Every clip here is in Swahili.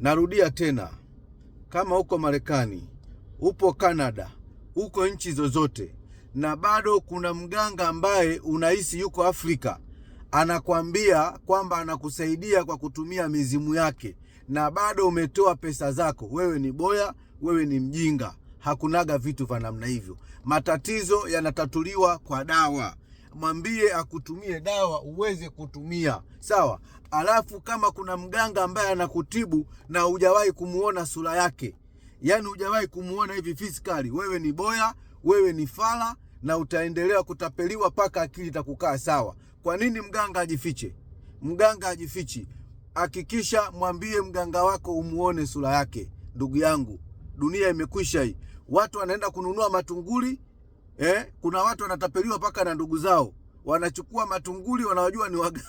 Narudia tena, kama uko Marekani, upo Kanada, uko nchi zozote, na bado kuna mganga ambaye unahisi yuko Afrika, anakwambia kwamba anakusaidia kwa kutumia mizimu yake, na bado umetoa pesa zako, wewe ni boya, wewe ni mjinga. Hakunaga vitu vya namna hivyo. Matatizo yanatatuliwa kwa dawa mwambie akutumie dawa uweze kutumia sawa. Alafu kama kuna mganga ambaye anakutibu na hujawahi kumuona sura yake, yaani hujawahi kumuona hivi fisikali, wewe ni boya, wewe ni fala na utaendelea kutapeliwa mpaka akili itakukaa sawa. Kwa nini mganga ajifiche? Mganga ajifichi. Hakikisha mwambie mganga wako umuone sura yake. Ndugu yangu, dunia imekwisha hii. Watu wanaenda kununua matunguli eh? Kuna watu wanatapeliwa mpaka na ndugu zao, wanachukua matunguli wanawajua ni waga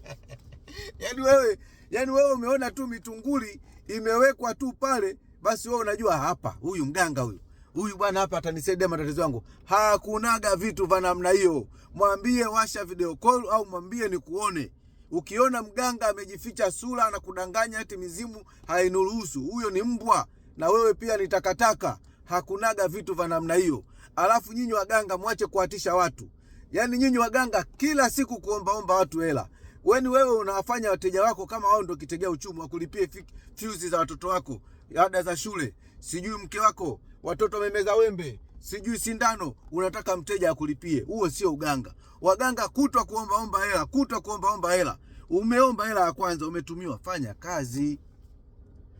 yani wewe, yani wewe umeona tu mitunguli imewekwa tu pale, basi wewe unajua hapa, huyu mganga huyu huyu bwana hapa atanisaidia matatizo yangu. Hakunaga vitu vya namna hiyo. Mwambie washa video call au mwambie ni kuone. Ukiona mganga amejificha sura na kudanganya eti mizimu hainuruhusu, huyo ni mbwa na wewe pia ni takataka. Hakunaga vitu vya namna hiyo alafu nyinyi waganga mwache kuatisha watu. Yaani nyinyi waganga kila siku kuombaomba watu hela, weni yaani wewe unawafanya wateja wako kama wao ndio kitegea uchumi, wakulipie fyuzi za watoto wako, ada za shule, sijui mke wako, watoto wamemeza wembe, sijui sindano, unataka mteja akulipie. Huo sio uganga. Waganga kutwa kuombaomba hela, kutwa kuombaomba hela. Umeomba hela ya kwanza, umetumiwa, fanya kazi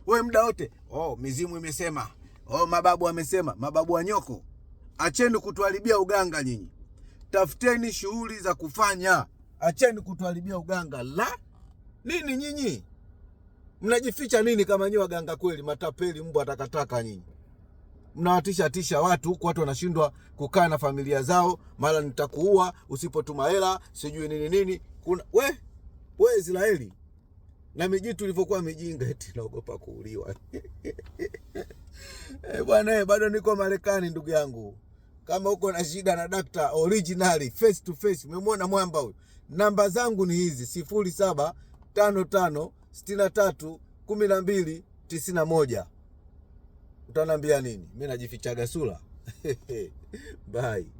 we muda wote. Oh, mizimu imesema, oh, mababu amesema, mababu wa nyoko Acheni kutuharibia uganga nyinyi, tafuteni shughuli za kufanya. Acheni kutuharibia uganga. La nini nyinyi mnajificha nini? Kama nyi waganga kweli, matapeli, mbwa takataka nyinyi, mnawatisha tisha watu huku, watu wanashindwa kukaa na familia zao, mara nitakuua usipotuma hela, sijui nini nini. Kuna we we Israeli na miji tulivyokuwa mijinga, eti naogopa kuuliwa eh, bwana. Eh, bado niko Marekani ndugu yangu kama uko na shida na dakta originally face to face. Umemwona mwamba huyu. Namba zangu ni hizi sifuri saba tano tano sitini na tatu kumi na mbili tisini na moja. Utanambia nini? Mi najifichaga sura. Bye.